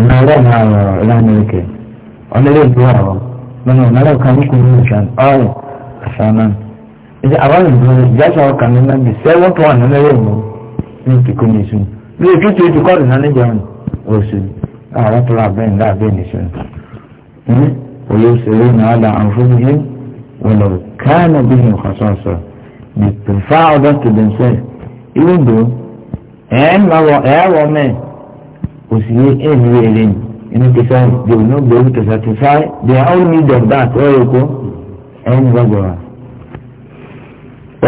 ọ̀nàrọ̀ náà lánà ìkẹ́ ọ̀nàrọ̀ ìlú àwọn lọ́nà ọ̀nàrọ̀ kan kò ní ìṣàn ọ̀rọ̀ àṣànà ìṣe àwọn ìlú ìjáṣà ọkàn ní nàbì sẹ́wọ́n tó wà nínú ẹ̀rọ ní ìtìkú ní ìṣun ní ètò tí o ti kọ́ọ̀dù náà níjẹun oṣù àwọn tó rà bẹ́ẹ̀ ńlá bẹ́ẹ̀ nìṣun olóṣèlú náà là àǹfọ̀mùhìn wọlọ̀ òsìlè ẹ̀mí ẹ̀rẹ̀ ẹni kẹsà they will not be able to satisfy their own need of that ọ̀rọ̀ ẹ̀kọ́ ẹ̀yìn gbàgbọ́ra.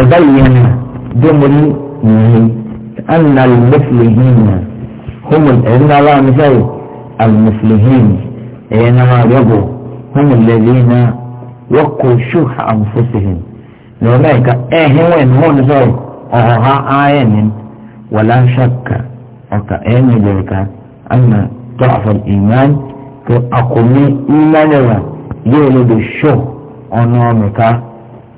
ọ̀dà ìyẹnà dẹ́mọ̀lì nìyí anna al-muflihina humul ẹ̀yìn náà wà mísàlì al-muflihin ẹ̀yìn náà wà yọ̀bọ̀ humul lẹ́yìnà náà wọ́n sọ̀rọ̀ ọ̀họ̀ ha ayẹ̀ ni wọ́lá ṣàkà أن ضعف الإيمان كأقومي أقومي إيمانا يولد الشو أنامك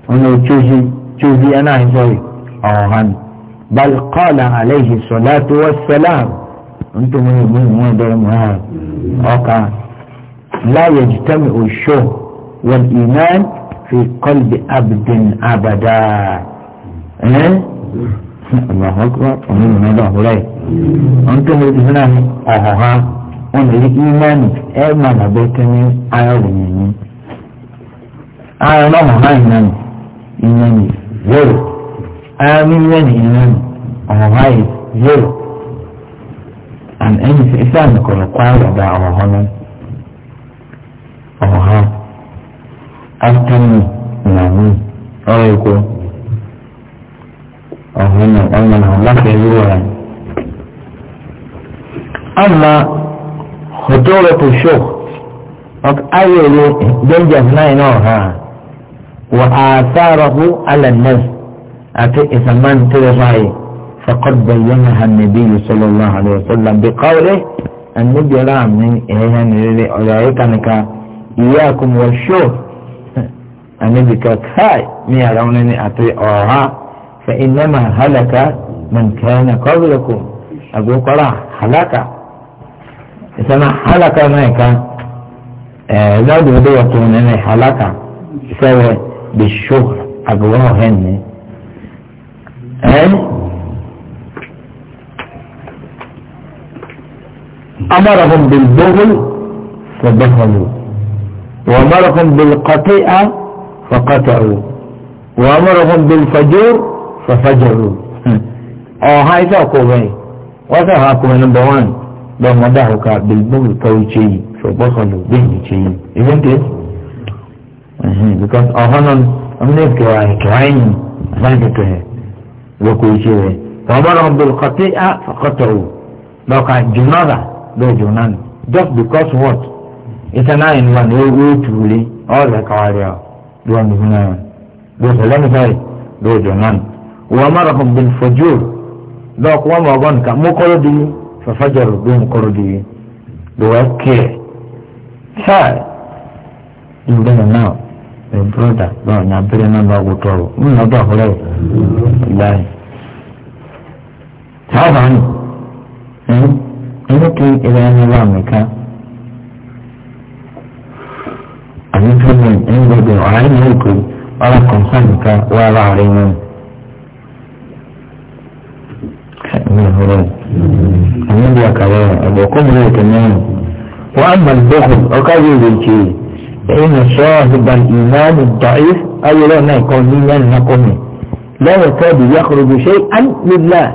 أنا تجي تجي أنا هزوي أوهن بل قال عليه الصلاة والسلام أنتم من من مدرم أوكا لا يجتمع الشو والإيمان في قلب عبد أبدا إيه؟ allahu akbar òun ní mẹ́lẹ̀ òwúrọ̀ yìí òun tó lórí fúnra mi ọ̀họ̀há wọn lè rí ìmánì ẹ máa nàbẹ́ kẹ́mi ayọ̀rọ̀ yẹn ni ayọ̀rọ̀ ọ̀họ̀há ìnáni ìnáni zero ayọ̀rọ̀ ìnáni ìnáni ọ̀họ̀há yìí zero and ẹni sẹ ẹsẹ àmì kọ̀ọ̀rọ̀ kọ́ àyọ̀dá ọ̀hún ọ̀nà láti ẹ̀rú rẹ̀. ama ọjọ́ rẹ̀ kò ṣọ́ ayẹyẹ danger náà náà ha wà á sárahu alẹ́nẹ́s àti ìsàmán tẹ́lẹ̀ báyìí faqad bayyana hanabi sallallahu alayhi wa sallam bi qawli annabi rami ẹ̀yẹ́ nìrẹ́rẹ́ ọ̀rọ̀ ayékanika iyyakum wa shur annabi ka kai ni ara wọn ni àti ọ̀ha. فإنما هلك من كان قبلكم أبو قرع هلك إذا هلك آه، لا زود يكون من هلك سوى بالشهر أقواهن إيه؟ أمرهم بالبغل فبخلوا وأمرهم بالقطيئة فقطعوا وأمرهم بالفجور fafajaru ọha ife ọkọọbẹ wọn sọ àwọn akọọbẹ nọmba wan bẹẹ wọn dà ọkà bilbọọlù kọrọ ìṣe yìí ṣọgbọsọlù bẹẹ ní ìṣe yìí even this because ọha náà wọn ní kẹwàá kẹwàá yìí wọn kẹkẹ rẹ lọkọ ìṣe rẹ wọn bá wọn bẹẹ kọtí á kọtọ o lọkà jùnọdà bẹẹ jùnọdà just because what it's a nine one ó wó tuuli ọ̀ lẹ́kọ̀ọ́ rẹ̀ ọ́ lọ́wọ́ nìyí náà lọ́sọ̀lẹ́nìfẹ́ lọ́jọ́ náà wọ́n mara fún bin fojú lọ́ọ̀kú wọn mọ̀ ọ́gọ́ nìkan mú kọ́rọ́ di fàfàjọrò bí mú kọ́rọ́ di lọ́wọ́ kíẹ̀ ṣáà ìgbẹ́ nà náà ẹ̀ bùrọ̀dà lọ́wọ́ ní abẹ́rẹ́ náà lọ́wọ́ wò tọrọ ń nà ọdún àkọlẹ́ ìgbàanì. sábà nù ẹni kí ẹgbẹ́ ẹni wà mẹ́ka àbí fúnmi ẹni gbọdọ̀ ọ̀hán ní ìkó ọ̀rọ̀ kọ̀ọ̀kan nìkan wà láàrin wọn. نهران النبي أكبر أبو قمر يتنام وأما البخل أكبر بالكي حين صاحب الإيمان الضعيف أي لا نكون ميمان نقوم لا يكاد يخرج شيئا لله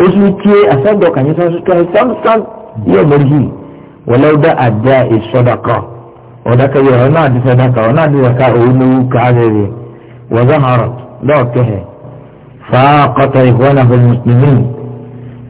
أسمتي أصدق أن يسمى سمسم يبرهي ولو دا أداء الصدقة وذاك يرنا دي صدقة ونادي وكا أولو كعذري وظهرت لا تهي فاقت إخوانه المسلمين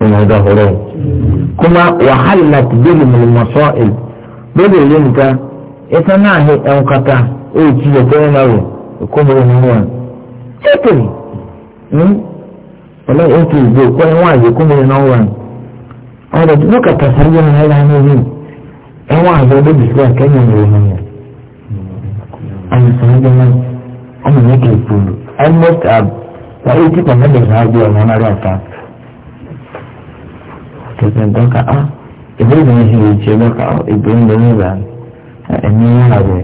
ina da horo kuma wahalat bil masail dole ita na he ɗan kata o da ko na ro ko mo ni wa eto ni wala eto go ko ni wa je ko mo na wa da ka ta na ila ne ni en wa da bi na ra ta kẹsàn-án dọ́kà á ìbéèrè mi sì lè jẹ dọ́kà á ìbéèrè mi lè rà ẹ̀mí wọn àbẹ̀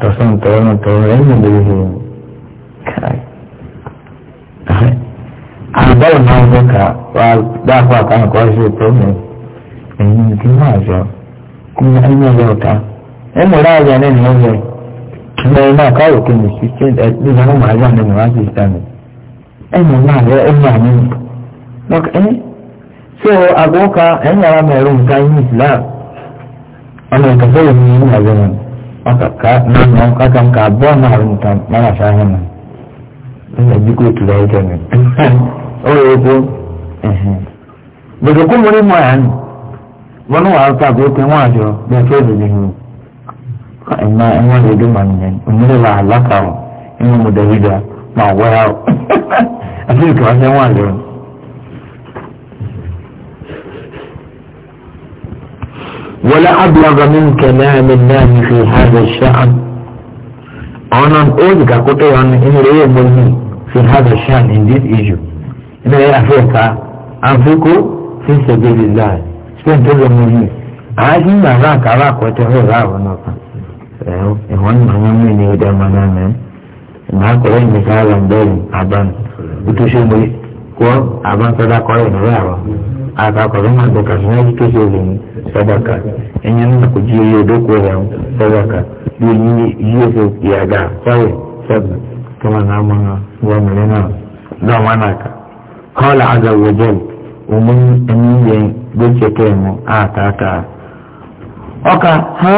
tọ̀sán tọ̀rọ̀ náà tọ̀rọ̀ ẹ̀mí mi lè rè káì. àbẹ̀wò náà dọ́kà wà dáàbò àkàrà kọ́ ṣe pọ́nmù ẹ̀yìn kí n máa jọ kí n ẹ̀mí ọ̀rẹ́ ọ̀tá ẹ̀mí ọ̀rẹ́ àjà náà nìyẹn bẹ̀ ẹ̀mí náà káwọ̀ kí ni sísè ah, eh, ẹ̀mí so agoka ẹ̀yìn ara mẹ́rin nǹkan yìí islam ọmọ nǹkan tó yẹn ní ìyàwó wọn ọkàkà náà ní ọkà kan ká bọ́ náà rẹ̀ nǹkan náà ṣáájú náà nígbà jí kò tura ẹjọ́ mi ó yẹ kó bẹ̀rẹ̀ kó mo ní mọ̀ ẹ̀ ní wọn ní wàá fà pé wọn àjọ bẹ́ẹ̀ fẹ́ lè lè hù ẹ̀ma ẹ̀wọ̀n lè dùn màmí yẹn òmìnira wà á lákàrọ̀ ẹ̀ma mo dẹ̀ dà máa wẹ́ àrò àti ìtura ṣẹ́wọ̀n àjọ. ولا أبلغ من كلام الله في هذا الشأن أنا أقول كتير عن إن رأي مني في هذا الشأن indeed issue إن رأي أفريقيا أنفقوا في سبيل الله spend time مني عادي ما راك راك وتهور راك ونقطة إخوان مهمين من يهود المنام ما كلين مثالا دين أبان وتشوفوا كوا أبان صدق كلين راوا àpapọ̀ máa gbọ̀kà fún ẹbí tó ṣe òun sọ́bàkà ẹ̀yìn náà kò jí iye ìdókòwò rẹ̀ sọ́bàkà bí iye iye fò ìyàgà sọ́rọ̀ sọ́bà tó máa náà mọ́ wọn mìíràn náà náà wọn náà kà. kọ́ọ̀lá àgbà wọ̀jọ́ òun ẹni yẹn ló ṣe kẹ́ ẹ̀mọ́ àtàtà. ọkà ha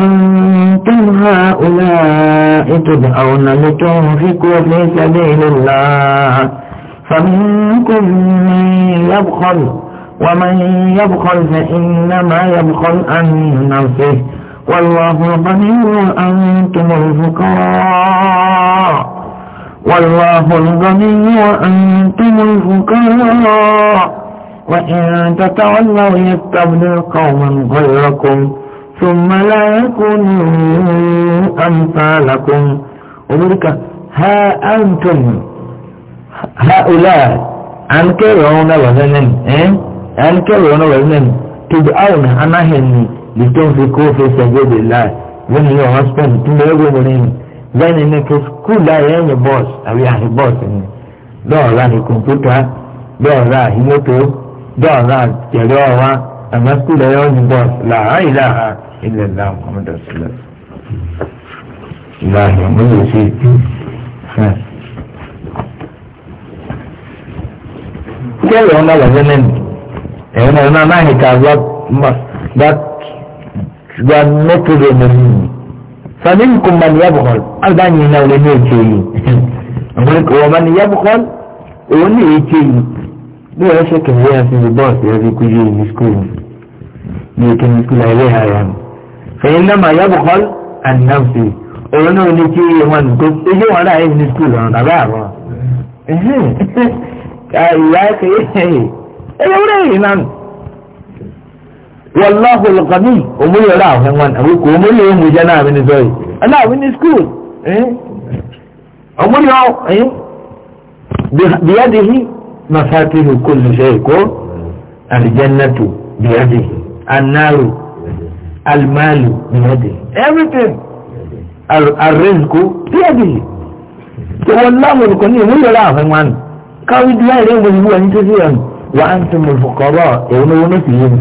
أنتم هؤلاء تدعون لتنفقوا في سبيل الله فمنكم من يبخل ومن يبخل فإنما يبخل عن نفسه والله الغني وأنتم الفقراء والله الغني وأنتم الفقراء وإن تتولوا يستبدل قوما غيركم ثم لا يكونوا أمثالكم أمريكا ها أنتم هؤلاء أن كرهون وزنن أن كرهون وزنن تدعون أنهن لتنفقوا في سبيل الله when you are husband to me every morning when in a school I am a boss I will have a boss in dọ́ọ̀rá ni kọ̀mpútà dọ́ọ̀rá ìmọ́tò dọ́ọ̀rá tẹ̀lé ọ̀wá àmọ́ skul ẹ̀yọ́ ni bọ́ọ̀s làá ìlàhà ilẹ̀ ńlá muhammed rasulillah ìlànà Allah lè ṣe. kẹ́lẹ̀ ọ̀nà lọ́sẹ̀nẹ̀ ẹ̀yìn náà ọ̀nà náà nìkan gba gba gba mẹ́tòdò mẹ́mí sani nkùn mani yabukọ́l alba nyi náà wọlé ní ètò yìí ọ̀gbọ́n kò wọ́n mani yabukọ́l òun ní ètò yìí bí wọ́n ṣe kẹ̀lẹ́ yẹn sí ní bọ́ọ̀sì ẹ̀rí kú yé ní skul ní ètò ní skul ẹ̀rí ara mi fẹ̀yìn náà ma yabukọ́l àti náà fi òun náà ní ètò yìí wọn kó ẹjọ́ wọn náà yẹ ní skul ọ̀nà tàbí àrùn ìyá ẹ̀ kìí ẹ̀yẹ wúrẹ́ yìí nánu. wàlláhu lùkàmí òmùlẹ̀ rà ọ̀hẹ́ wọn àwọn kò òmùlẹ̀ yẹn mú jẹ́ náà mi ní sọ́yì ẹ̀nà àwọn ní skul òmùlẹ̀ ọ̀ bìyàdìhì mafatihù kùlù ṣe kó àlìjẹ́nàtù bìyàdìhì anáàrù almalu bìyàdìhì everything àrẹ́ǹkù bìyàdìhì wàlláhu lùkàmí òmùlẹ̀ rà ọ̀hẹ́ wọn káwí di láì léwu ìwú ẹni tó sí ẹ̀ wà á ń tún mọ̀ fọkọ̀rọ̀ èwo ni wọ́n sì yẹn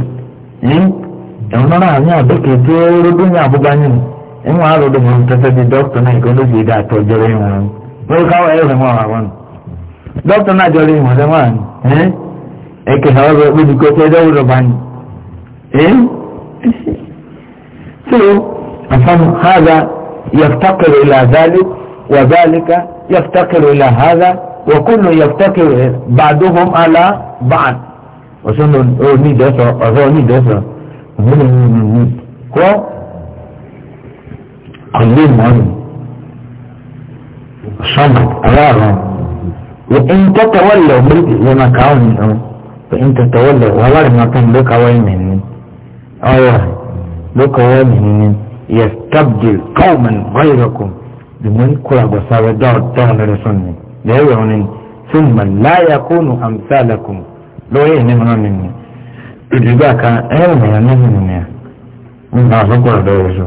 ẹ̀wọ̀n náà náà ní àbẹ́kẹ̀ tí ó rúdú ní àbúgbá yẹn ẹ̀wọ̀n á lọ́dọ̀ mọ̀ tẹ́tẹ́ di dókítà náà ìkọ́ ló sì dá àtọ́jọ́ rẹ̀ wọn lórí káwọ́ ẹ̀rọ wọn àwọn dókítà náà jọ rí wọn sẹ́wọ̀n ẹ̀kẹ́ ọ̀rọ̀ olùkọ́ tẹ́ ẹ̀dọ́ wúlọ̀ bá ní. so afam haza yaftakir ila zalik wa zalika yaftakir ila haza وكل يفتكر بعضهم على بعض وشن اوني دسا اوني دسا كو قليل مهم صمت أرارهم وإن تتولوا بلدي لما كاوني فإن تتولوا والله ما كان لك وين أيوه لك وين يستبدل قوما غيركم بمن كل بصار دار دار رسولنا da yawa wani sun man la ya kunu amsalakum lóye ní mọ́ mi ni ìdìbò kan ẹ̀rọ mi ní mi ni ẹ̀ nígbà àkókò ọ̀dọ́ yẹn so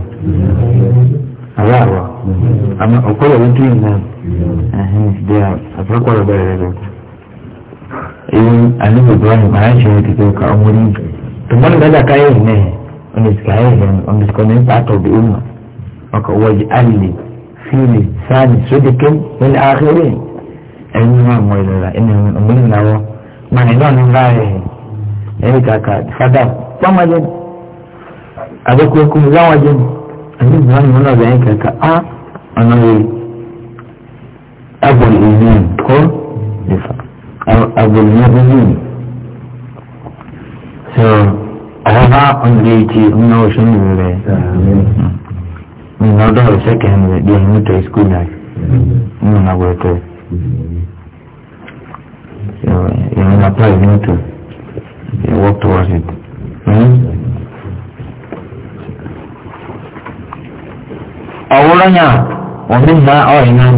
àbá àbọ̀ àmọ́ òkúrò ló tún yìí ẹ̀hìn ìdí àkókò ọ̀dọ́ yẹn so. Eyi Alibu Ibrahim a ṣe kìkì ka ọmọ rí tùmọ́nì gbàdá káyé yìí náà ọ̀nìsìkà náà ọ̀nìsìkà ní pàtó bí ọmọ ní àkérè ẹni máa mọ ìlera ẹni ọmọ ìnáwó máa ní lọ́nà ńlá rẹ̀ ẹni kàkà fada pọ́nmọ́jẹ́ àbẹ́kọ̀ọ́kọ́ láwọ́jẹ́ ẹni ìgbà ní wọn lọ́dọ̀ ẹni kàkà á ọ̀nà rẹ̀ abọ̀lì ìlú kọ́ abọ̀lì ìlú so ọba ọ̀nà ìtì ọ̀nà ọ̀ṣun rẹ̀ ọ̀nà ọ̀dọ́ ọ̀ṣẹ́kẹ̀ rẹ̀ bí ẹni tó ẹ̀ṣkúl náà ọ̀nà àgbẹ̀tẹ̀ you will apply it into you work towards it. أولاً ومنها أيضاً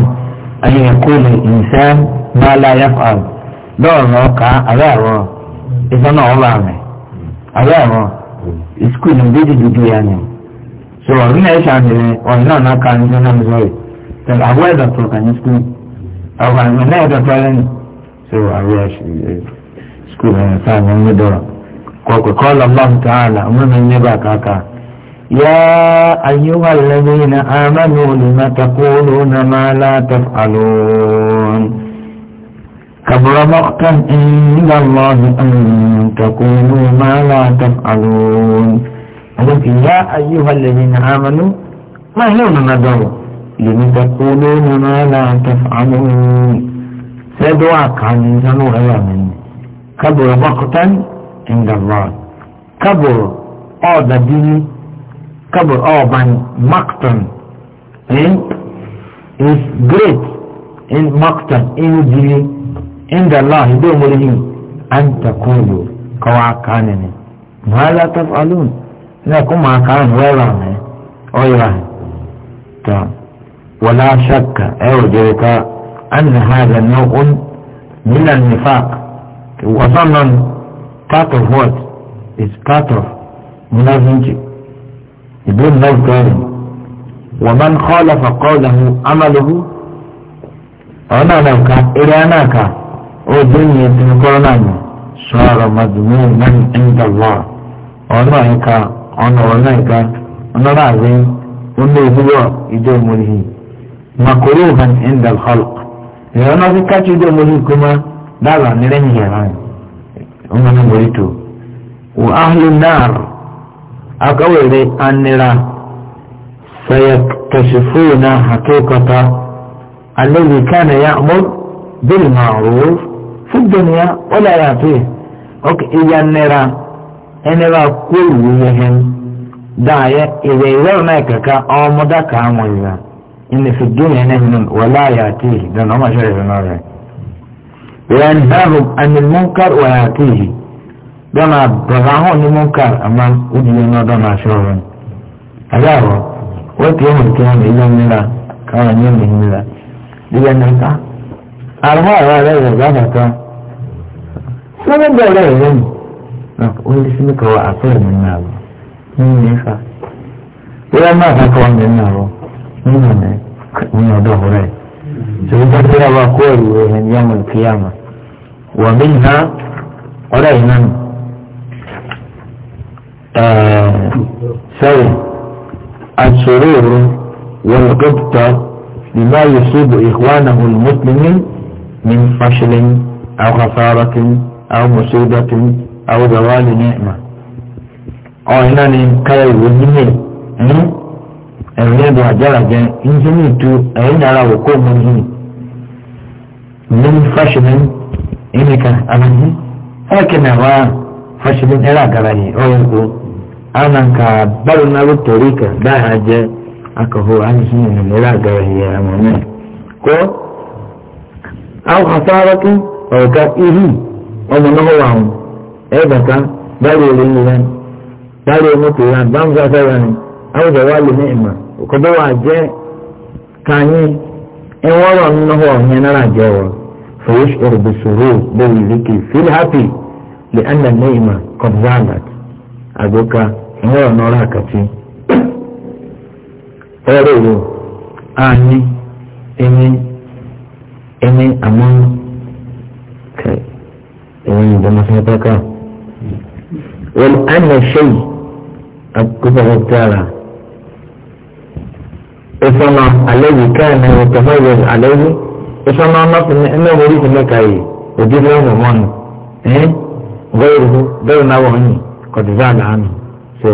أن يقول الإنسان ما لا يفعل دور نوكا أغيره إذا نوعه أغيره ìsukùl ní bíi dìdì yà ni so ọdún náà ṣe àdìrẹ ọdún náà náà ká ní sọ náà sọ yìí tẹlẹ àwọn ẹ̀dọ̀ tó kà ní sukùl ọgbà ní náà ẹ̀dọ̀ tó ẹlẹ́ni سوى عياش سكول أنا سام ومدرة وقال الله تعالى ومن نباكاكا يا أيها الذين آمنوا لم تقولون ما لا تفعلون كبر مقتا عند الله أن تقولوا ما لا تفعلون يا أيها الذين آمنوا ما لون ندر لم تقولون ما لا تفعلون sẹ́dọ̀ àkànní nínú ẹ̀rọ mi ni kábòrò bọ́kútán ìndàlọ́ kábòrò ọ̀dàbí ní kábòrò ọ̀bàn makton eh? is great in makton inú jìnnì ìndàlọ́ ìdó omori yìí à ń takúlù kọ́wọ́ àkànní ni màálà tó fàlùn ní ẹ̀kọ́ màá kàánì wẹ́rọ mi ọ̀yọ̀ tó wọlé aṣáka ẹ̀rọ jẹ́rìí أن هذا نوع من النفاق وصلا part of what is part of منافنج يقول ناس قارن ومن خالف قوله عمله أنا نوكا إلى ناكا ودنيا تنقرنا صار مذموما عند الله أنا إيكا أنا وأنا إيكا أنا راضي أنا هو إدو ملهي مكروها عند الخلق ìran náà fi kájú dé mórí gbọmọ dáàbà nílẹ̀yìn yàrá ọmọ náà mórí tó wò áhùlù náà akọwèrè anira sayakashifuna hakikata alẹ́bí kánà ya mọ́ bíi màrúwó fún dùnìyà ó lára pé ọkọ ìyá nira ẹnira kó ìwé yẹn dáa yẹ ìwé ìwé ọ̀nà ìkàkà ọmọdé kàá wọ̀nyí náà. إن في الدنيا نهن ولا يأتيه لأن هم شايف النار وينهاهم عن المنكر ويأتيه دنا بغاهم المنكر أما ودينا دنا شعورا هذا هو وقت يوم الكلام إلا من الله كان يوم من الله لأن أنت أرواح ولا يزالك سمن دولا يزن قول اسمك هو أطول من النار من يفعل ولا ما فكوا من النار من هناك ظهره سيذكر وقول من يوم القيامة ومنها قرينا آه سوي السرور والقبطة بما يصيب إخوانه المسلمين من فشل أو خسارة أو مصيبة أو زوال نعمة أو آه، هنا نكاية وزنين ẹ̀rẹ́ bọ̀ àjàràjẹ́ ńjẹ́ ní ìtú ẹ̀yìn náírà wò kó mu yìí mímú fáṣinin ẹnìkà àmàlí ẹ̀kẹ́ náà wá fáṣinin ẹ̀rọ àgàrà yìí ọ̀rọ̀ kó ànànkà báwo náà ló tẹ̀rí kà dáhà jẹ́ akọ̀hó àyìnbí nínú ẹ̀rọ àgàrà yìí àmàlí kó àwọn àtàràkì ọ̀gá ihu ọmọ náà wà wọn ẹ̀ bàtà báyìí olóyìn rẹ̀ báyìí ọmọ tó rà àwọn kòkòdó wa jẹ́ kanyé ẹ̀wọ́n rọ̀ nínú hó ọ̀hìn náírà jẹ́ wọ́n fòwúṣ òrùbùsòrò lórí ìlékè feel happy lè ẹ̀nà nẹ́ẹ̀mà kọ̀dùbàlàt àgbóka ẹ̀wọ́n rọ̀ nọ́ọ̀rọ̀ àkàtì ẹ̀rọ wo àní ẹni ẹni àmọ́ kẹ ẹ̀yìn ìdámasẹ́ pẹ́ká wọ́n ẹ̀nà ṣẹ́yì àgbóka ọ̀tá ìfọ̀nà àlẹ́yìn káàní ìtọ́fẹ́yẹ àlẹ́yìn ìfọ̀nà ọmọkùnrin ẹ̀mẹ́ orí ìfẹ́ káyé òdi lẹ́yìn ọmọnù ẹ̀ẹ́n gbẹ́rù bẹ́ẹ̀ náà wọ̀nyí kọ̀dùbá àlàánù so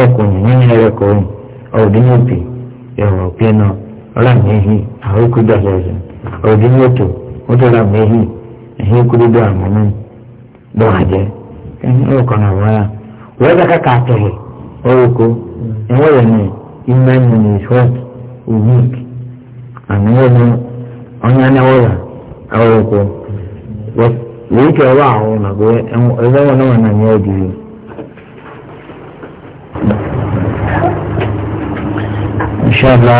ẹ̀ kò ní ní ẹ̀rẹ́ kò ní ọ̀dí ní òbí ẹ̀rọ pé náà ọ̀là méhì àwọn ikú dàgbà ẹ̀sìn ọ̀dí ní òtò ó tó ra méhì ẹ̀hìn ikú dídọ̀ àmọ́nù dọ̀hàjẹ́ ẹ̀hìn ọ̀kọ̀ náà Unik, weak àmì ẹnu ọnyá náwó yà àwọn òkú wèyí kẹ wá àwọn ọmọgbé ẹgbẹ́ wọn náà nàní ẹ̀dì yìí. Inṣàlá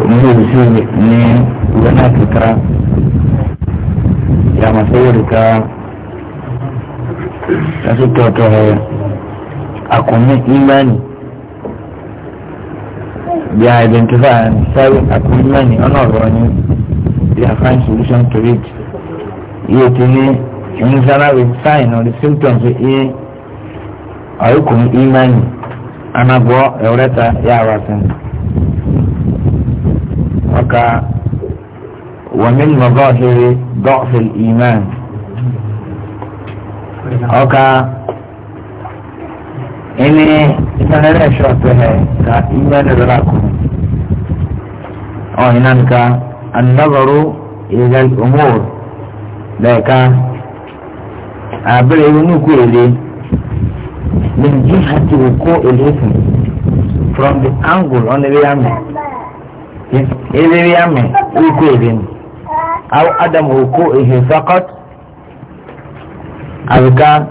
olóòtú ní Ghana kíkà yàmàsẹ́wòrìkà lásìkò ọ̀tọ̀ ẹ̀ àkọ́mí ìmánì they are identified and serving as women in honor of running they are find solution to it iye ti ní ìmúsára with sign or the symptoms iye ọ̀rùkùn ìmánì anagbọ́ ẹ̀wọ́rẹ́ta yàrá sí ni. ọkà wọ́mí mọ̀gọ́ ṣe dọ́ọ̀fì ìmánì ọkà ini sanere shot he ka imani zara ku o inan ka annabaru ila al-umur da ka abire yunu ku ile min jihati ko from the angle on the yame ile yame ku ile au adam ko ihe faqat alka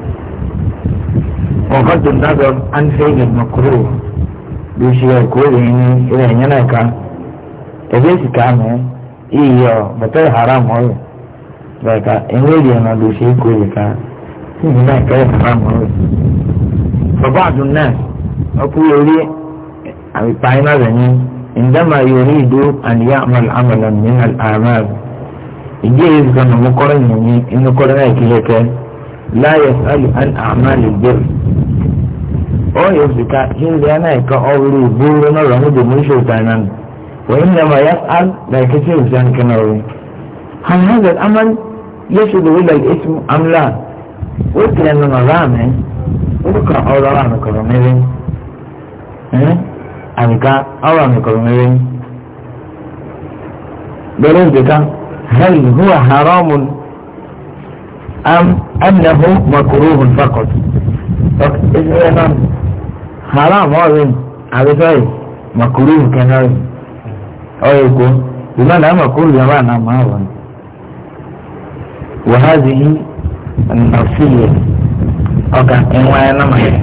وغض النظر عن فعل المكروه بيشي الكروه يعني إذا هنا كان إذا كان إيه بطل حرام هو بقى إنجلي أنا بيشي كروه كان هنا كان حرام هو فبعض الناس أقول لي أبي باينا ذني عندما يريد أن يعمل عملا من الأعمال إجيه إذا كان مقرن يعني إنه قرن كيكا لا يسأل عن أعمال البر أو يفتكى هل أنا كأولي بورنا رمض مرشو تانان وإنما يسأل لا يكسر سان كنوي هل هذا الأمل يشد إلى الاسم أم لا وكل أننا رامي وكا أولا رامي كرمي إيه؟ أمكا أولا رامي كرميرين بلوزكا هل هو حرام am annahu makruhun faqat ok israel nan haram ọrin abisai makruhun kenan ọyọ ko ìmọ̀ náà makruhun yàrá náà máa wọn wàhálì nàfíyè ọkà ẹnwáyé nàmàyà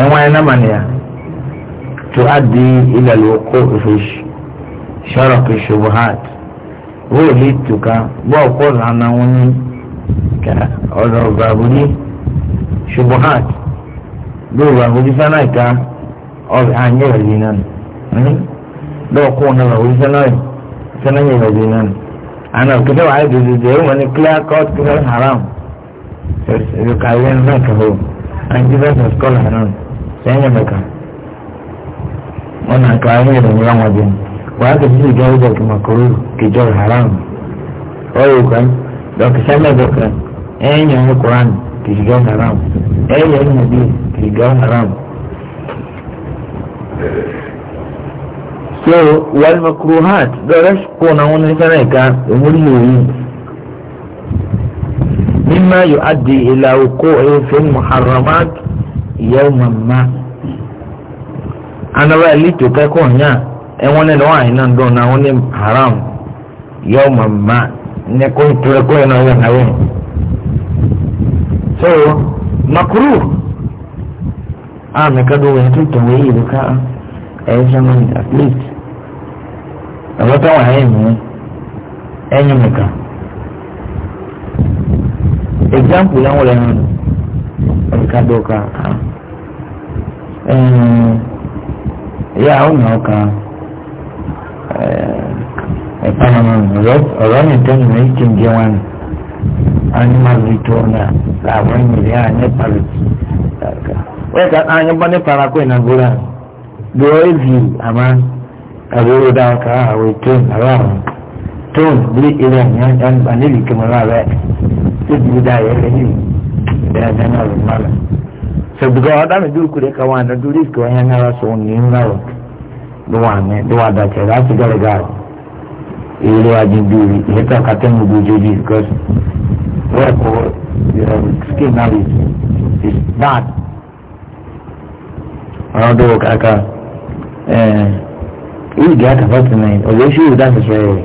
ẹnwáyé nàmàyà tó adé ilẹ̀ lóko wọ́n lè tùkà bọ́ ọ̀pọ̀ lànà wọn ní ọ̀rọ̀ bàbúní ṣubuhat lórí bàbúní sánáìka ọ̀rẹ́ ànyẹ́ ìrìn náà lọ́ọ̀kọ́ ọ̀nà bàbúní sánáìka ìrìn náà àná òkúta wàá dùdù dè wọ́n ní clear cut clear haram ṣèlú kàwé náà kàwé àǹjí bẹ́sẹ̀ skọ́là náà sẹ́yìn mẹ́ka wọn nà kàwé ìrìn náà wọ́n jẹun. وهذا في جوزة المكروه كجور حرام أو كان لو كسمع ذكرا أين يعني القرآن كجور حرام أين يعني النبي كجور حرام so والمكروهات درس كونا هنا كان أمور مما يؤدي إلى وقوع في المحرمات يوما ما أنا بقى ليتو كاكون يعني ẹwọn ní lọ́wọ́ àyìn náà dùn náà wọ́n ní haram yọ màmá ní kó tura kó yẹn náà yọ náà yẹn. so makuru a mẹ́ka dùn wọ́n tún tẹ̀wé yìí lóka ẹ̀yẹ sẹ́wọ́n ní at least ẹ̀wọ́n tó wà ẹ̀yẹ mìíràn ẹ̀yẹ mẹ́ka. example yẹn wọlé hàn ẹ̀ka dùn ká ẹ̀yẹ àwọn náà kàn ẹ̀pánamọ́nù ọ̀rọ̀ mi tó nìyẹn ti ń jẹ́ wọn ni animal return làwọn ènìyàn à ní parí. wọ́n ká àyàn bá ní parako ìnagbóra lọ́wọ́ èvì àmà àbúrò dáa ká àwọn ètò ìnáwó tó ń gbé ilé ẹ̀yàn dáńgbà nílùú kẹmọ́rọ́ rẹ̀ tó ti dá yẹ lẹ́yìn ìdájọ́ náà lọ́mọ́lá. sọ̀gbùgbọ́ ọ̀dà mi dúró kúrẹ́ káwọn àdàdúró ìkẹ́wọ́n yẹn náà sọ̀rọ̀ nìyẹn náà duwane duwa da ce za su garga yi ruwa jin biri ya ta katon mu bujoji because where for skin now is bad ọ̀rọ̀ tó wọ kàkà yìí gẹ́ àtàfà tìǹbù ọ̀dọ̀ ṣé yóò dáhùn sọ yẹ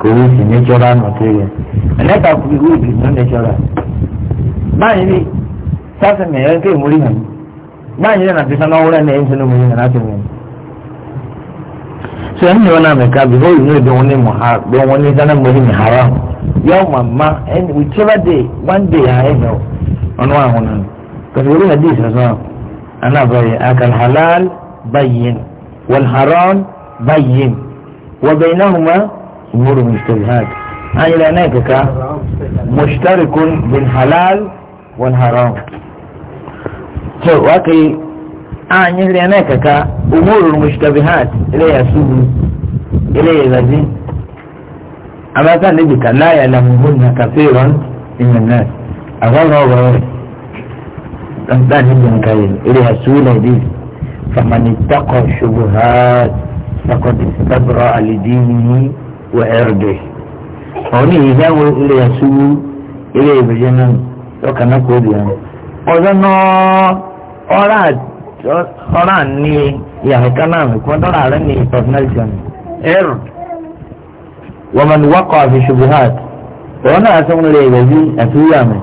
kò wí sí natural material ẹ̀lẹ́ta kò wí sí non natural báyìí ni sásìmì ẹ̀ ń kéwòn mórí hàn báyìí ni nàfisàn náà wúrẹ́ ní ẹ̀ ń sinú mórí hàn láti mú un sọ ẹni wọn náà mẹka bí wọn yìí dùn wọn ní muhara bí wọn ní sanni mo ní mihara yọọ mama ẹni whichever day one day ha ẹ nọ àwọn náà kòtò wọlé hadi sọsọ ana bẹrẹ akal halal bayin wal haram bayin wa bainahuma umuru mustabihat an yìí lẹ́nà ìkẹ́kẹ́ mushtarikun bin halal wal haram an yi hirya na kaka umurul mushtabihat ilayya subu ilayya zazi amma kan nabi ka la ya lamu hunna kafiran min nas awan wa wa dan dan yin kai ilayya subu di faman ittaqa shubuhat faqad istabra li dinihi wa irdihi oni ya wa ilayya subu ilayya bajanan to kana ko biyan ọ̀dọ́ náà ọ̀rá àti ọ̀rá ní ìyàwó náà kún dọ́là rẹ̀ ní ìtọ́sínẹ́sìn ẹ̀rù wọ́n mọ̀ ní wákọ̀ àfi ṣubú hàt wọ́n náà sọ wọn lè rẹ̀ bí àtúnyà mi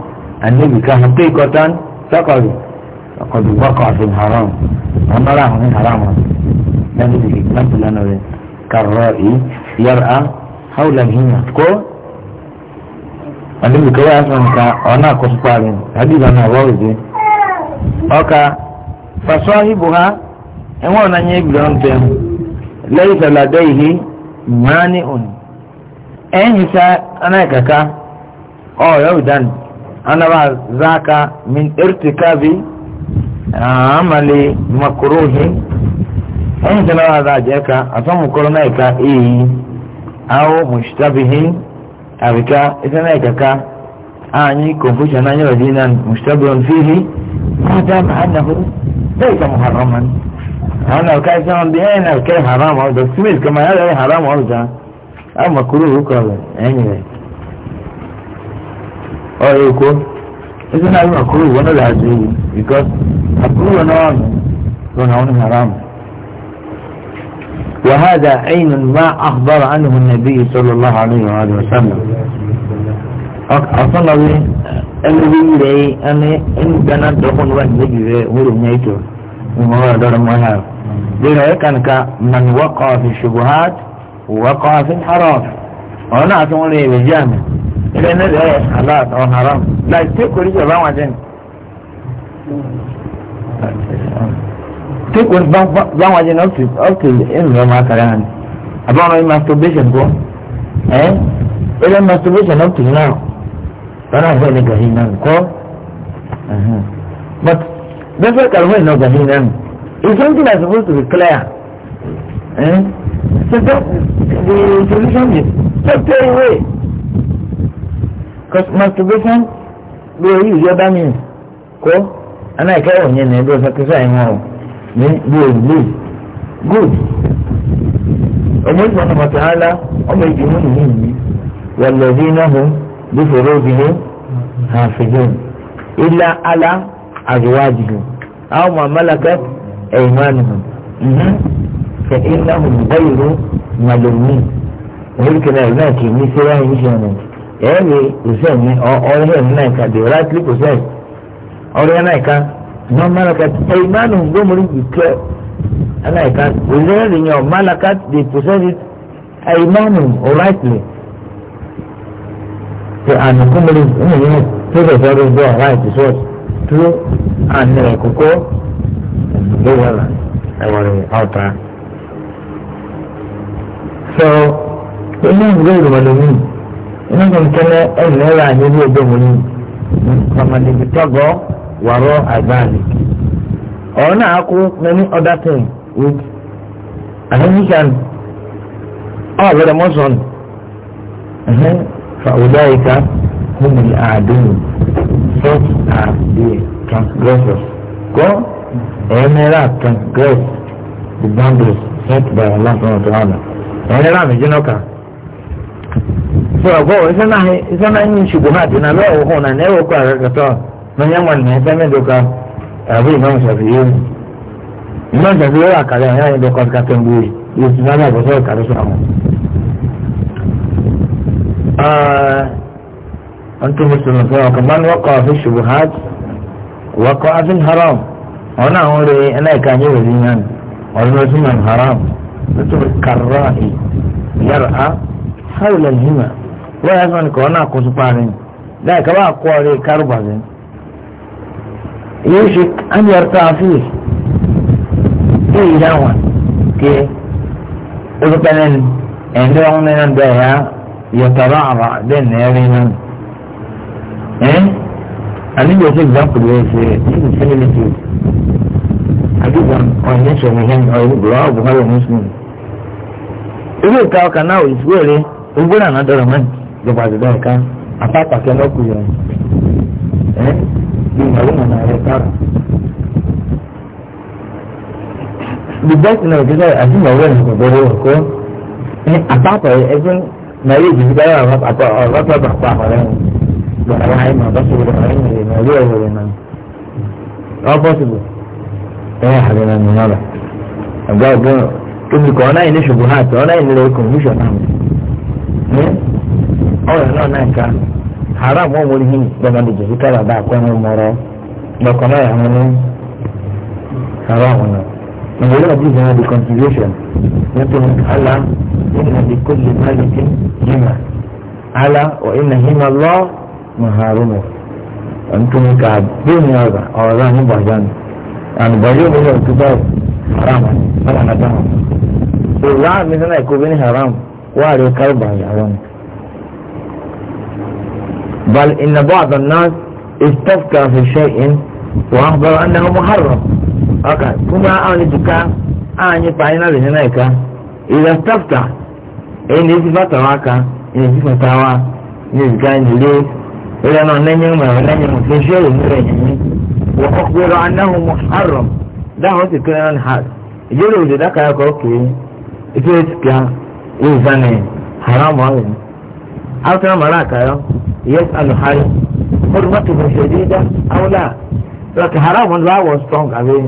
àníbi ká hàn pé ìkọ̀tán sọ́kọ̀lù ọkọ̀lù wákọ̀ àfi haram wọ́n náà rà ní haram lẹ́nu ìdílé láti lánà rẹ̀ kàrọ̀ yìí yàrá hàwùlà hìnyà kó àníbi kọ́wé àfọ̀nkà ọ̀nà àkọ́sùpá rẹ̀ àdìgbà náà wọ́ọ̀rù ọkà. فصاحبها ẹ̀wọ̀n ọ̀nà yẹn bìrọ̀ ń tẹ̀ lẹ́yìn sàlàdé ìhí mìíràn òní. ẹ̀yìn sá anáìkàkà ọ̀yọ́ ìdánù anaba zaaka min irtikabi amali makuruhi ẹ̀yìn sá anáwà zá jẹ́ka àtọ́mùkọ́rọ́ náà ìka èyí àwọn mùsítàbìhí àbíká ìsẹ́ náà ìkàkà ààyè confucian náà yẹ̀wò dín náà mùsítàbìhí ما دام أنه ليس محرما أنا كان يسمى بأين كان حرام أو ده سميت كما هذا حرام أو ده أو مكروه كذا يعني أو يكون إذا أنا مكروه وأنا لا أدري because مكروه أنا وأنا هون حرام وهذا عين ما أخبر عنه النبي صلى الله عليه وآله وسلم أصلا ẹnubí ilẹ̀ ẹni ẹnugbana dọ́kun wa ní ibi rẹ̀ wúlò ní ètò ìmọ̀ ọ̀rọ̀ dọ́rọ̀ mọ́ ha. Lẹ́nu ẹ̀ kàn ká man wọ́kọ̀ fi ṣubú ha wọ́kọ̀ fi haram. Ọ̀rọ̀ náà tún rí ìwé jẹ́ àmì. Ilé ní rẹ̀ aláàt ọ̀ haram. Láì tí kò rí jẹ̀ báwọn jẹ́ ni. Tí kò rí báwọn jẹ́ ni up to ẹnu rẹ̀ máa kàrẹ́ hàn. Àbáwọn masturbation kọ́. Ẹ́ ilé masturbation up to wani abu ne gari but don sai karfai na gari nan is something is supposed to be clear eh? so that, the solution is just stay away because masturbation bí o use your means ko ana ìkẹyọ yẹn na ẹbí o sọkẹsọ ẹ o ní bí o gbé good ọmọ ìgbọ̀n ọmọ tààlà ọmọ ìgbìmọ̀ nìyí wọ̀lọ́dún náà hó. بفروجهم حافظون إلا على أزواجهم أو ما ملكت أيمانهم فإنهم غير ملومين ويمكن هناك مثلا يجنون ẹ̀rì òsèǹ ní ọ̀rẹ́ ẹ̀nàìka the rightly possessed ọ̀rẹ́ ẹ̀nàìka náà malakat ẹ̀yìnmánu gbọ́mọ̀rí ìkẹ́ ẹ̀nàìka òsèǹ ẹ̀rì yẹn ọ̀ malakat they possess it ẹ̀yìnmánu rightly and kúmọ̀lì ọmọ yẹn tẹ́lẹ̀ to bọ́ ọ̀rá ẹ̀ tìṣọ́ọ̀tì dúró àná ẹ̀kọ́kọ́ ló wà lá ẹ̀wọ̀rẹ̀ ọ̀tá. sọ inú ìwé ìrọ̀lẹ́ mi inú kan kẹ́lẹ́ ẹ̀yìn ẹ̀rọ àyè ní ẹgbẹ́ wọn yìí pàmàdébí tọ́gọ́ wàrọ̀ àgbáàlì. ọ̀rọ̀ náà kú many other things with àhẹ́nìkan ọ̀rọ̀ rẹ̀ mọ́sán. فأولئك هم الأعدون such are the transgressors go ẹ̀ẹ́mẹ́rà transgress the boundaries set by Allah subhanahu wa ta'ala ẹ̀ẹ́mẹ́rà mẹ́jìnnọ́kà so ọ̀gbọ́n iṣẹ́ náà iṣẹ́ náà ń ṣubú náà dín náà lọ́wọ́ ọ̀hún náà ẹ̀rọ kọ́ àrẹ kẹtọ́ náà yẹn wọn ní ẹ̀fẹ́ mẹ́dọ́kà àbí ìmọ̀n ṣàfihàn ìmọ̀n ṣàfihàn àkàrẹ̀ ọ̀hún yẹn dọ́kọ̀ kàtẹ́ńgbé yìí yóò ti náà bọ̀ sọ́ọ̀ kàrẹ́ sọ́ọ̀ أنتم مسلمون وكمان وقع في الشبهات وقع في الحرام هنا أقول أنا كان يقول إيمان والمسلم الحرام مثل كالراعي يرعى حول الهمة لا يزمن كونا بارين، لا كما أقول كربا يوشك أن يرتع فيه إيه دعوة كي أذكرن عندهم من الدعاء yọtara ara bẹ́ẹ̀ nẹ́ẹ̀rin náà ẹ́ àníjọ sí example yẹn ṣe ní similitude àdúgbò ọ̀yẹ́ sọ̀rọ̀ yẹn ọ̀yẹ́ bùrọ̀ ọ̀bù hàlù muslim ilé ìka ọkà náà ò ìsúwò rẹ ogbó náà dọ̀rọ̀ mọ́ ìjọba àdúgbò ẹ̀ka apákàkẹ́ lọ́kù yẹn ẹ́ bí ìyàwó nàá rẹ̀ kára. the best thing na ìdílé àti ìyàwó rẹ̀ nìkan bẹ̀rẹ̀ wọ̀ kọ́ apart from everything na yóò jìbìtì ayé àwọn àpá ọlọ́tọ̀ bá pa ọ̀rẹ́ wọn lọ́nà láyé mà bá sọ̀rọ̀ ọ̀rẹ́ mi rìn náà yóò rìn náà wọ́n bọ́ síbò ẹ̀yà àrẹ̀ náà nìyẹn rà ọ̀gá ọ̀gbọ́n tóbi kọ́ ọ̀nà ìní ṣubú hàt ọ̀nà ìní rẹ̀ kọ̀míṣọ̀n náà mi ọ̀rẹ́ náà náà haram wọn wọlé yìí lọ́nà lè jìbìtì ayé àbá àkọ́ ọ̀nà mọ̀rọ̀ lọ́kọ̀ náà yà wọn haram náà. من هنا دي هنا بكونسيديشن يطلق على إن لكل ملك هما على وإن هما الله مهارمه أنتم كعبين هذا أو هذا هم بحجان يعني بحجان بحجان الكتاب حرام حرام حرام والله مثلا يكون حرام وعلي كربة حرام بل إن بعض الناس استفكر في شيء وأخبر أنه محرم ọkà kuma àwọn ìdùkà ànyị kpanyị na lèhìn náà ìka ìdá stafta èyí na ezi fatawa aka èyí ezi fatawa ní ìdùkà nílé ìdá náà n'enye mma ẹ̀rọ n'enye mma fún ṣé òun rẹ̀ yẹn wọ́n kọ́ gbèrò anáhùn mu haram dáhùn ti kéré náà hàd ìjọba òde dáka yà kọ́ kéé ìfẹ́ ìtìkà yóò zanì haram ọ̀hún àwọn ọmọ náà kàyọ́ yẹ́sì alùhárì mọ́tò mọ́tò mọ́tò ṣèdí dá àwọn náà lọ́kì haram wọn lọ́wọ́ strong àbẹ́yìn.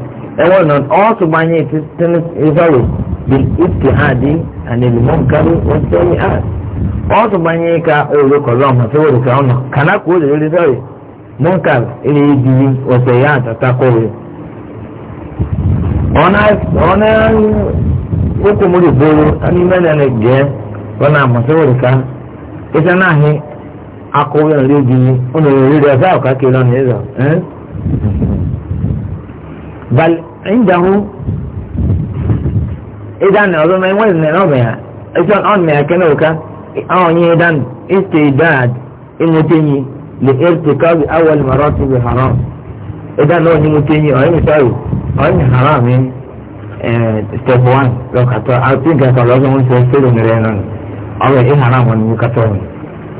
ẹwọ nọ ọtún gbanye títún ìfọwọ bil ittihadi anil munkari wọn sẹyìn á ọtún gbanye ka òòlù kọlọ ọmọ tó wọlé ka ọnà kàná kó lè lórí sọrọ munkari ilé ibi ọsẹ yá àtàtà kọwé. ọ̀nà okò múlò bóró ẹni mẹ́rin ẹni gẹ́ wọn àmọ̀ tó wọlé ka iṣẹ́ náà akọwé ọ̀nà kàkiri بل عنده إذن أظن أن وزن نومها إذن أنها كنوكا أعني إذن استعداد المتني لارتكاب أول مراتب الحرام إذن لو المتني أعني مساوي أعني حرام step one لو كتو أعطيك كتو لازم أن تستيرون رينان أو إيه حرام ونمو كتوه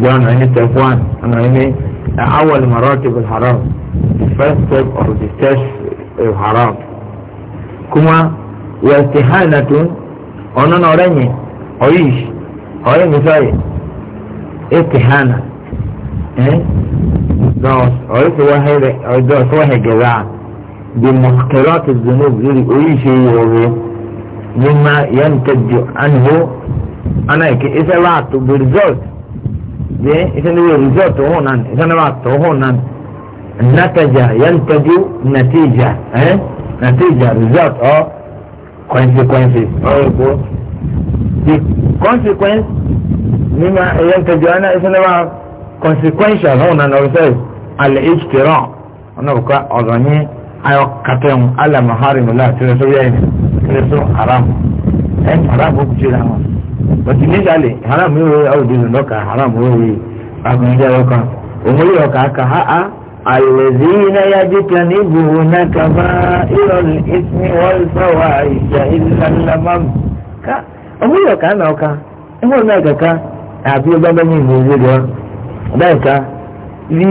one I need step one and أول مراتب الحرام the او step الحرام كما واستحالة أنا نوريني عيش أعيش مثال استحالة إيه دوس أعيش واحد دوس واحد جزاء بمحقرات الذنوب غير عيش يوبي مما ينتج عنه أنا اذا بعت بالريزلت je isana yo result ho nan isana ma to ho nan nataja yantaju natija eh natija result or consequences or ko the consequence mima yantaju ana isana ma consequential ho nan or says al ijtira ona ko odonye ayo katem ala maharimullah tira so yayin tira so haram eh haram ko jira mo but initially haram yóò wéyà ó dìrò lọ́kà haram yóò wéyà agbẹ̀jẹ̀ lọ́kà òmùlẹ̀ aka ha a àlèzí iná yá jíkà ní náà kàmá ìrọ̀lì ìsinmi wọ́n sọ̀wọ́ àìsà ìlànà ńlámà ká òmùlẹ̀ ọ̀kà náà ọ̀kà ẹ̀wọ̀n náà kàkà àbí ọgbà bẹ́ẹ̀ ní ìmọ̀lẹ́ lọ ọkọ àmì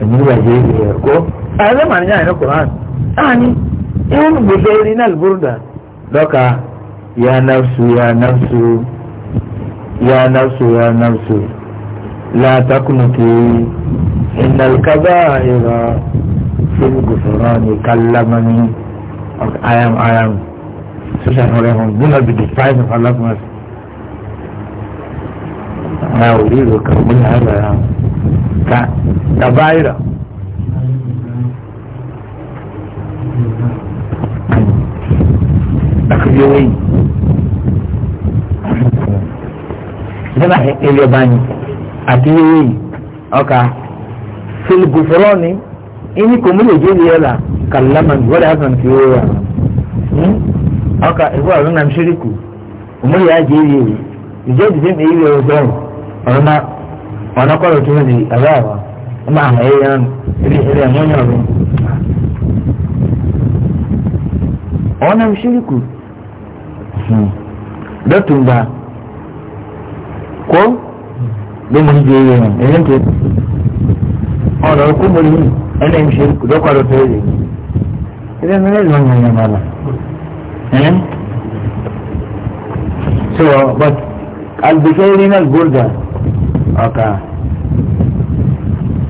ìmúlẹ̀ يا نفس يا نفس يا نفس يا نفس لا تقنطي إن الكبائر في الغفران كلمني I am I am social horizon do not be deprived of Allah's mercy أنا أريدك من هذا كبائر àfijọ́wé yìí nígbà ilé ọba yìí àfijọ́wé yìí ọkà filibusoroni ini kòmúlò jẹ́rìí ẹ̀ la kàlámàní wọ́n dà sàn kí ó yà hmm? ọkà ìfọ̀ àrùn nàm ṣíríkù òmúlò yà jẹ́rìí ẹ̀ ìjẹ́ ìdíje mi ìlú ọ̀rọ̀ sọ̀rọ̀ ọ̀rọ̀ náà ọ̀nà kọ́lọ̀ tó ní ẹ̀rọ àwọn ọmọ àwọn ẹ̀yẹ yẹn ilé ilé ẹ̀mọ́nyọ̀rọ̀ ọ̀nà ṣíríkù dɔtun ba ko bɛ mun jɛ yɛ hàn ɛyɛ ntɛ ɔnà kó mo lè yìn ɛnna n ṣe dɔkɔ dɔ fɛrɛ yìí ɛdɛ mi lè lọ nyɛ nyɛ ma la ɛn so but albifɛri náà gbóòdà ɔkà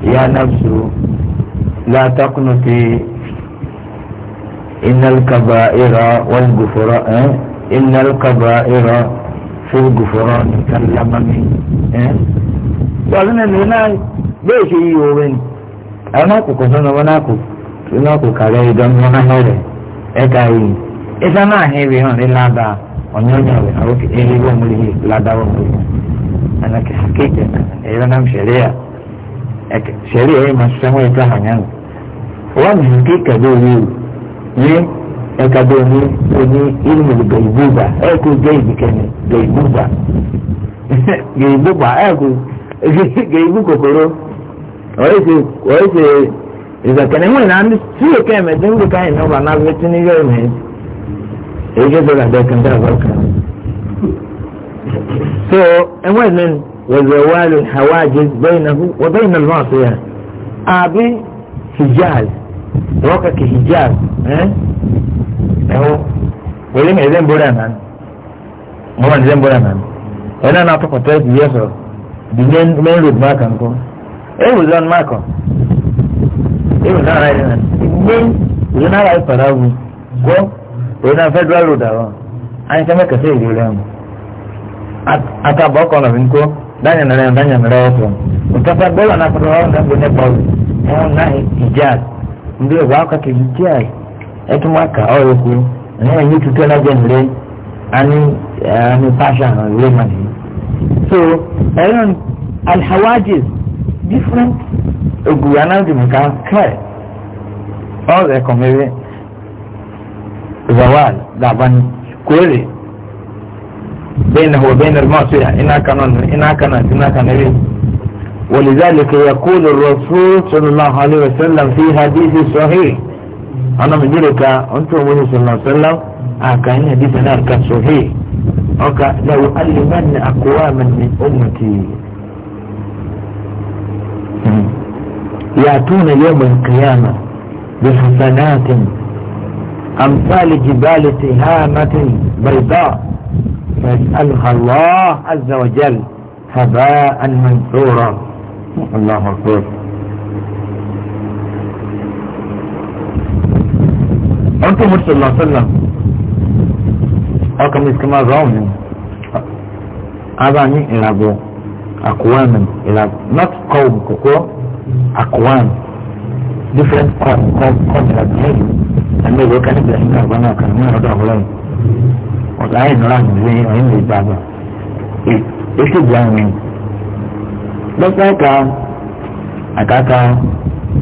yà nàbsù látàkùnù ti. إن الكبائر والغفران إن الكبائر في الغفران كاليمم وأظن من هنا ليش يوين أنا أكو سنة وأنا أكو سنة أكو كالي دون وأنا هيري إكاي إذا ما هيري هون إلا دا ونيونيا ويحوك إيهي ومليه لا دا ومليه أنا كحكيت إذا نم شريعة شريعة ما سموه تحنيان وأنا حكيت كدو يو ليه ẹ̀kadà òní òní ìlú gẹ̀ẹ́bùbà ẹ̀ kò jẹ́ ìdíkẹ́ni gẹ̀ẹ́bùbà gẹ̀ẹ́bùbà ẹ̀ kò gẹ̀ẹ́bù kòkòrò wọ́n ṣe ìzàkẹ́ni wọn náà ní sí èké ẹ̀mẹ́tí ń gbèkà yìí nọ́ọ̀bà náà fi ti ní yọ ẹ̀mẹ́ èyí ṣe sọ̀rọ̀ àdé kan dáàbà kan. so ẹ̀wọ̀n ní wọ̀zẹ̀ wàlú hawaaji bẹ́ẹ̀ náà ẹwọ wòye ní ẹdẹ mbọrẹ àná mo wà ní ẹdẹ mbọrẹ àná náà náà tó kọtẹ yẹ sọ di main main road mark nkọ ẹ wò mark ọ ẹ wò náà ráyè náà main wòye náà ráyè pàrọ̀ wù gbọ́ wòye náà federal road àwọn àyìn sẹ́mi kẹsẹ́ ìlú rẹ̀ mu àtàbọ̀ kọ̀ lọ́wọ́ nkọ́ dáyẹ̀ nàrẹ̀ ọ̀ dáyẹ̀ nàrẹ̀ ọ̀sọ̀ ntọ́fà bọ́ọ̀lù àná pẹ̀lú ọ̀rọ̀ ńdàgbọ̀n ẹ̀kọ́ ẹ̀wọ̀n náà ìjà ndé ìwà ọ̀kàkẹ́ ìjà yìí. ẹtùmọ̀ọ́kà ọ̀rọ̀ kù ẹ̀yìn ẹ̀yìn tuntun náà jẹ́ nìlẹ̀ ani ani pasha rẹ̀ mà nìyí. so ẹ̀rọ alhawajis different ogun anadumika clear all recommended zawal daban kwere بينه وبين المعصية إنا كانون إنا كانت إنا كانت ولذلك يقول الرسول صلى الله عليه وسلم في حديث صحيح ọ̀nà mìíràn ká ọ̀ntún ọmọ yìí sọ̀rọ̀ sọ́lá àkà ní àdìsá náà ká sọ̀hí ọ̀ka lẹ́wọ̀ alìmánì àkọ́wà mẹ́ni ọ̀mùtì. يأتون يوم القيامة بحسنات أمثال جبال تهامة بيضاء فيسألها الله عز وجل haba'an منثورا Allahu akbar أنت صلى الله عليه وسلم أكم إسكما رأوني أباني إلى بو أقوام إلى not قوم كوكو أقوام different قوم قوم قوم إلى بيهي أما إذا كان إبراهيم أربعنا كان ما رضا هلاي والآية نراه بزيه وإن ذي بابا إيش تجاني بس أكا أكاكا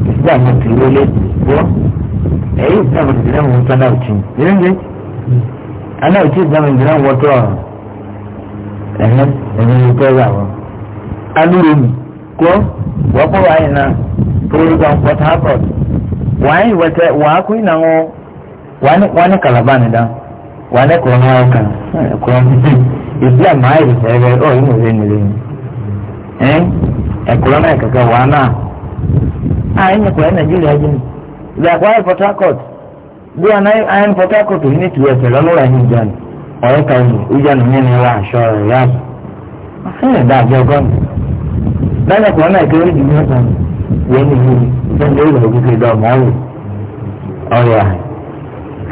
إسلام مطلولي بو ẹ̀yìn ìsàbọ̀ ti dìrẹ́ wọn sọ́dá òtún yìí ní aná òtún ìsàbọ̀ ti dìrẹ́ wọn tọ́ ẹ̀hẹ́ ẹ̀mí ló tọ́ ra wọn. alúre mi kọ́ wọ́n kọ́ wáyé náà program port harcourt wáyé wẹ́tẹ́ wàá kú iná wọn wàá ní kalaba nìdá wàá ní kọ́ náà kan kọ́ ìsìlẹ̀ máa yẹ ẹ̀rẹ́ ọ̀ yìí mo rẹ̀ nílẹ̀ yìí ẹ̀kọ́ náà kẹ̀kẹ́ wàá náà à ẹ̀ nàìjíríà jẹ́ mi they acquire port harcourt bí wọn náà iron port harcourt ní ìtú ẹsẹ̀ lọ́lọ́rọ̀ ẹ̀yìn ìjọni ọ̀rẹ́ kan ní ìjọni ní ní ra aṣọ rẹ̀ yàtọ̀ fẹ́rẹ̀ dá àjọ gọ́ọ̀nù lẹ́yìn ọ̀pọ̀ náà kéré jù ní ọ̀sán yẹn ní ìlú sẹ́ńdẹ̀ ìlú òkúté dọ́ọ̀mù ọ̀rẹ́ ọ̀rẹ́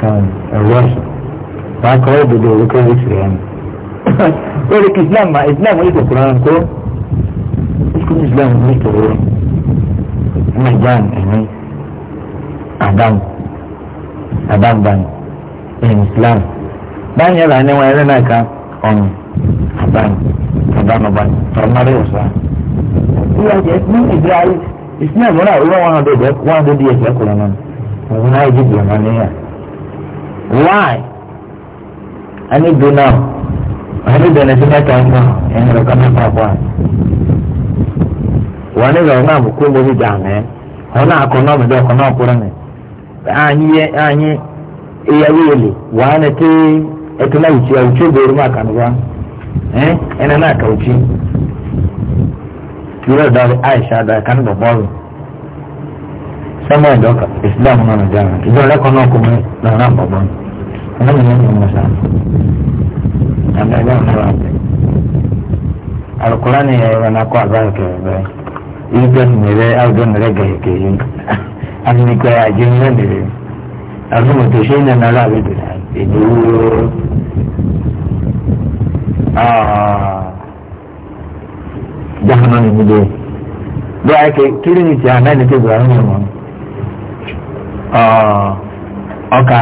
kan ẹ̀rọ ọ̀sán wọn kọ́ òdodo òkúté ìṣẹ̀lẹ̀ ẹ̀mí adam adam bani in islam bani yàrá ni wọn yẹrẹ náà kan ọ̀nà adam adam bani ọ̀nàrí ọ̀sán. ìyá jẹ ní ìdí ayé islam wọn náà wọn hàn dọdọ wọn hàn dọdọ yẹsẹ kúrò náà wọn náà yẹ jùlọ náà níyà why ẹni dùn Ani ẹni dùn náà ẹsẹ mẹta nǹkan ẹni rẹ kọ́ni pàpà wọn ni lọ́wọ́ náà kó lórí dàn ẹ́ wọn náà kọ́ náà mi dẹ́ ọkọ̀ náà kúrò náà. anyị anyị eyawe ele waa na te etuna uchi uchi oge na akanuwa na aka uchi yuro dare aisha da kan da bọọlụ sama ẹdọ islam nọ n'ọjà rẹ ìjọ lẹkọọ náà kò anìkọ àjẹ náà nìyẹn àwọn mọ̀tò ṣe ń nà láàbẹ̀ tó náà èdè wúrò. Ah. jahana ni gbogbo bí a kẹ kiri ni ti àná ni ti gbà ń wọn ah. ọkà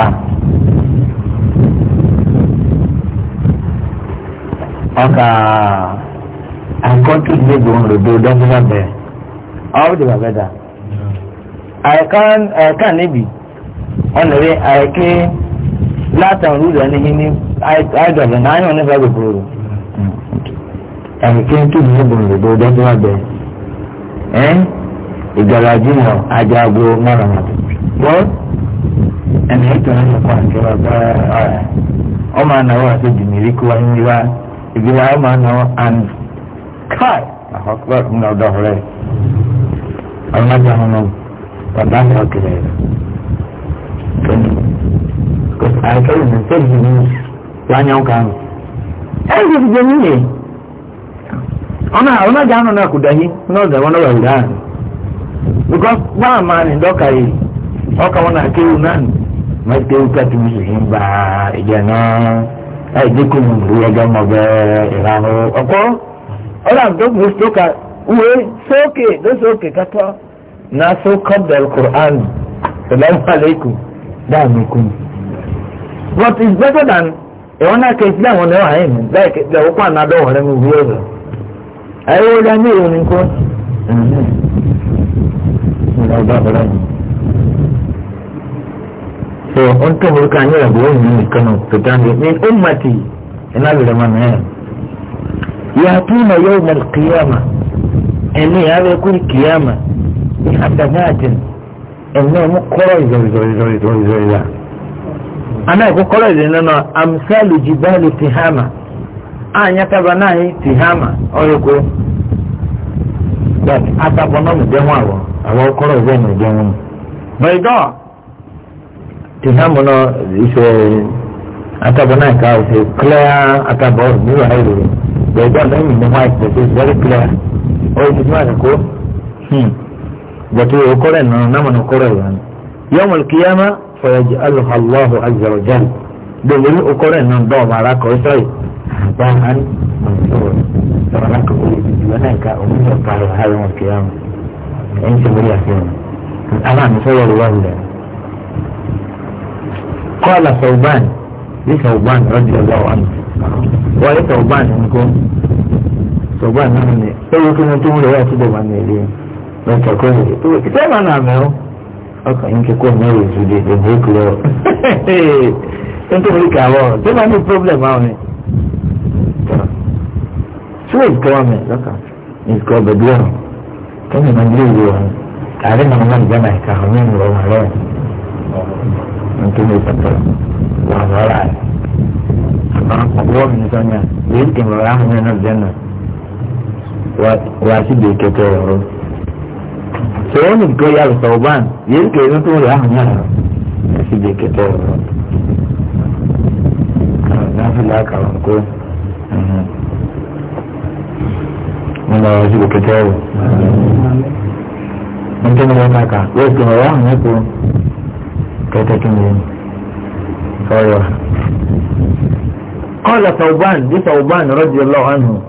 ọkà àkọ́tù gbogbo ń lò dé dọ́gbọ́n bẹ́ẹ̀ ọ́ bí bàbá dáa àìkán àìkán níbi ọ̀nàrẹ́ àìké látàn rúdà níhi ní àìdọ̀bẹ̀ náà yàn nípa gbogbo rẹ̀. àìké tóbi níbo nìbò dọ́jú àgbẹ̀ ẹ́ ìgbàlájú nà àjàgbó márùn-ún wọ́n ẹni ètò náà nípa àkẹ́wà bá ọ̀rẹ́ ọmọ anáwó àti jìnnìrí kó wáyé wá ìgbéra ọmọ anáwó and kai àkọ́kọ́ ọ̀rẹ́ ọmọdé àwọn ọmọ wallahi haka ne ko ai kai ne sai ji ni wa nyau kan ai ji ji ni ne ona ona ja no na kudahi no da wana wa ndan because wa man ndo kai oka wana ke unan ma ke uka tu himba ijana ai ji ku mu ya ga mo be irano oko ola ndo mu stoka uwe soke do soke katwa na saukar da alkur'ani salamu alaikum da mai kuni what is better than e wannan kai islam wannan yawa yin da ke da kwa na da wannan mu biyo da ai wala ne yonin ko da ba ba rai so on to murka ne da goyin ne kana fitan ne min ummati ina da man ne ya tuna yawmal qiyamah ene ya be kun qiyamah ní abdavajin ẹ̀mí ọmú kọ́rọ̀ ìzọ̀rìzọ̀rìzọ̀rìzọ̀rìzọ̀rìzà àná ẹ̀kọ́ kọ́rọ̀ ìzọ̀rì nínú amsalu jibalu tihama ànyàtàbà náà yìí tihama ọ̀rẹ́kọ́ bẹ́ẹ̀ atabọ̀ náà mùdẹ́hùn àwọ̀ àwọ̀ kọ́rọ̀ ìzọ̀rì mùdẹ́hùn bẹ́ẹ̀dọ́ tihama náà ìṣe atabọ̀ náà ká ìṣe clear atabọ̀ níwáyé rẹ̀ bẹ́ẹ̀dọ́ náà yìí ní white but it's very clear ó ti máa kó. Hmm. بطوع قرأ أنه نمن قرأ يعني يوم القيامة فيجعلها الله عز وجل بيقول قرأ أنه ضوء معك وإسرائيل طبعا فمنك قولي بجوانك أمين يطلع هذا يوم القيامة إن مريح فيهم أنا نصور الله لك قال ثوبان لثوبان رضي الله عنه وثوبان منكم ثوبان من يمكن أن تقول يا سيدي nke kò ní ṣe máa nà mí o ọkàn yín kíkọ́ ní ẹ̀rọ ìṣúdì ìbò ìkìlọ̀ nítorí kà wọ́ ṣé máa ní problem àwọn ni ṣé wọ́n ìkọ́ mi lọ́kà ìkọ́ bẹ̀bí ọ̀hún kẹ́mi máa gbé ìwé ọ̀hún ààrẹ màmá náà nígbà náà ìka ọ̀hún ní ìwọ̀n ààrẹ nítorí pàtó wà lọ́ra rẹ̀ àmọ́ ọ̀gbọ́n mi sọ́nyà lè ń tẹ̀wọ̀n ráhùn náà náà jẹ́ náà wà á sì gbé kẹ́kẹ́ ọ̀rọ̀ sọ̀rọ̀ ní nǹkan yàrá sọ̀rọ̀bán yìí kì í tó tó rẹ̀ àwọn yàrá sí ibi kẹtẹ́ ọ̀rọ̀ náà fi láàkà wọn kó wọn lọ sí ibi kẹtẹ́ ọ̀rọ̀ wọn قال ثوبان دي ثوبان رضي الله عنه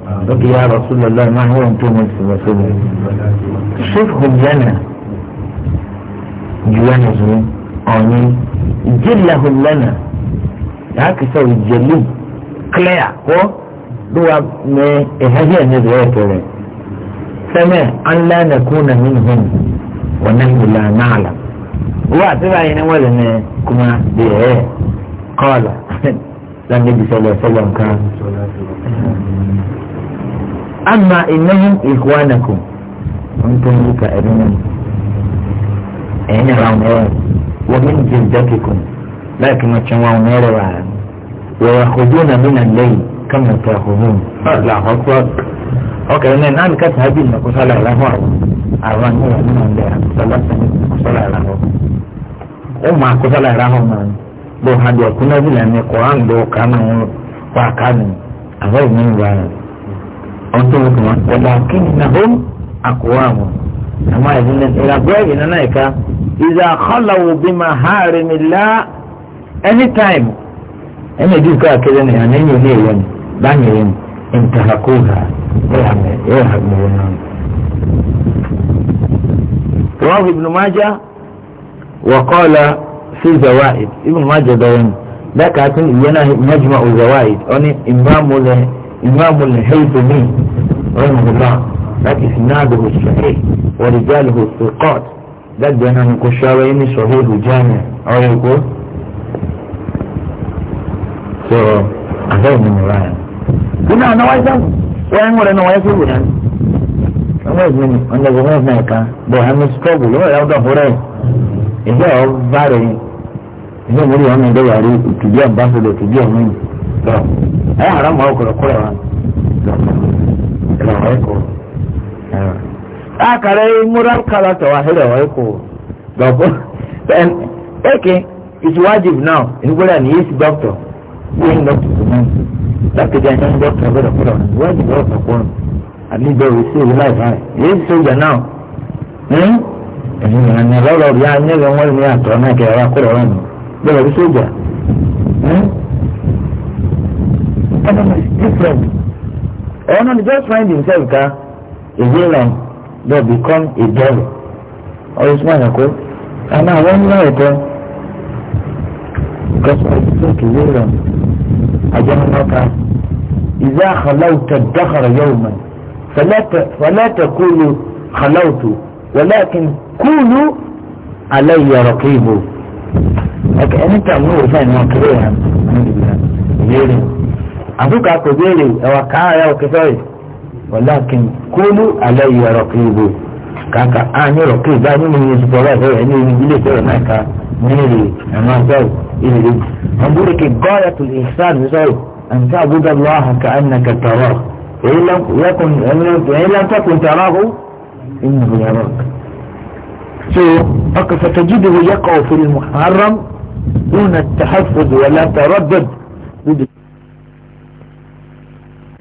يا رسول الله ما هو انتم رسول الله شوفهم لنا جوانا زمين قانين جلهم لنا هاك سوي الجلي كليع هو دوا هذه النزوات سمع أن لا نكون منهم ونحن لا نعلم هو بقى ينوال كما بيه قال lánàbí sọlọ sọlọ nǹkan. ama ìnáyìn ìkúwánàkù wọn tó ń yíka ẹ̀rí náà ẹ̀yìn àwọn ẹ̀rọ wọ́n mi ń jẹ ìdákẹ́kọ̀ọ́ láìpẹ́ wọn tí wọn àwọn ẹ̀rọ wà á wọ́n yà kọjú náà mí nà lẹ́yìn kàmú tó àkóhùn. ọ̀là àkọ́kọ́ ọkẹ́ náà náà nìkan tàbí ìnàkúsọ́ làlàhùn àwọn àwọn ẹ̀rọ náà ń bẹ̀rẹ̀ sọlá sọlá làlàhùn. ó mọ àkúsọ́ làlàhùn náà bó hadi ọ̀kúnná bí lànà koran bó kàmá wọn wà kánú àwọn ìní ìwà rẹ̀ ọ̀tún wọn kàn wọ́n bá kí ni náà ó àkùwá wọn. àmọ́ ìdílé ìràgbọ́ ẹ̀yìn náà ẹ̀ka ìdá àkọlàwò bí ma ha rẹ̀ mi lá anytime ẹ̀mí ìdí ìkọ́ àkẹ́lẹ́ ni àná ẹ̀yìn ilé ìwọ̀n báyìí rẹ̀ ìntàkó ha ẹ̀ hàgbọ̀n náà. رواه ابن ماجه وقال fi zawaid ibn majah dawani daka tun yana majma zawaid oni imamul imamul haythami rahimahullah that is nadu sahih wa rijaluhu thiqat that dana ni ko shawe ni sahih jami ayo ko so azai ni muraya kuna na waisa wayan wala na waisa kuna àwọn ẹ̀gbọ́n mi ọ̀nà ìgbọ̀ngàn ọ̀fẹ́ ẹ̀ka bọ̀ hàmí struggle lọ́wọ́ ẹ̀yà ọ̀dọ̀ ọ̀húnrẹ́ ìjọ ọ̀bá rẹ̀ ihe muri wa mai dawa ri tuji ambassador tuji omen to ai haram wa kura kura wa kala wa ko a kare murar kala ta wa hira wa ko da ko then eke it's wajib now in gura ni is doctor yin doctor kuma da ke jan jan doctor ba da kura wajib wa ko ko at least they will save life right yes soldier now hmm ẹ̀yin ìrànlọ́rọ̀ bí a ní ẹ̀rọ wọn ní àtọ̀ náà kẹ̀rọ akọ̀rọ̀ ọ̀rọ̀ nù bẹ́ẹ̀ rí sójà everyone is different ọ̀nà ni just find himself ka a villain but become a devil ọ̀rọ̀ ìsúná àyàkó àmọ́ àwọn ńlá ẹ̀kọ́ because I think a villain àjọ ńlá ka ìzá àkàlàwùtà dákàrà yóò mọ̀ فلا تقولوا خلوت ولكن كونوا علي رقيبه ẹ̀kẹ́ ẹni tí a mú òfin náà kéré hàn ìbéèrè àtúkà kò béèrè ẹ̀wà káà ẹ̀ òkèfẹ́ rẹ̀ wọ́lá kí n kúlú alẹ́ yìí ọ̀rọ̀ kiri bò kàkà á ní ọ̀rọ̀ kiri bá nínú iye sùpọ̀ rẹ̀ ẹ̀rọ ẹni ibi ilé ìfẹ́ rẹ̀ náà ká nílé ẹ̀mọ́ sọ̀rọ̀ ìrírí wọn búrẹ́ kí gọ́ọ̀yà tó lè sáàdù sọ̀rọ̀ àǹtí àbúdá lọ́hà ká ẹ̀nà kẹtọ̀rọ̀ èyí lọ́kùn tàràhù ìnìyàrọ̀ so ọkọ̀ fàtàjídìí yẹ دون التحفظ ولا تردد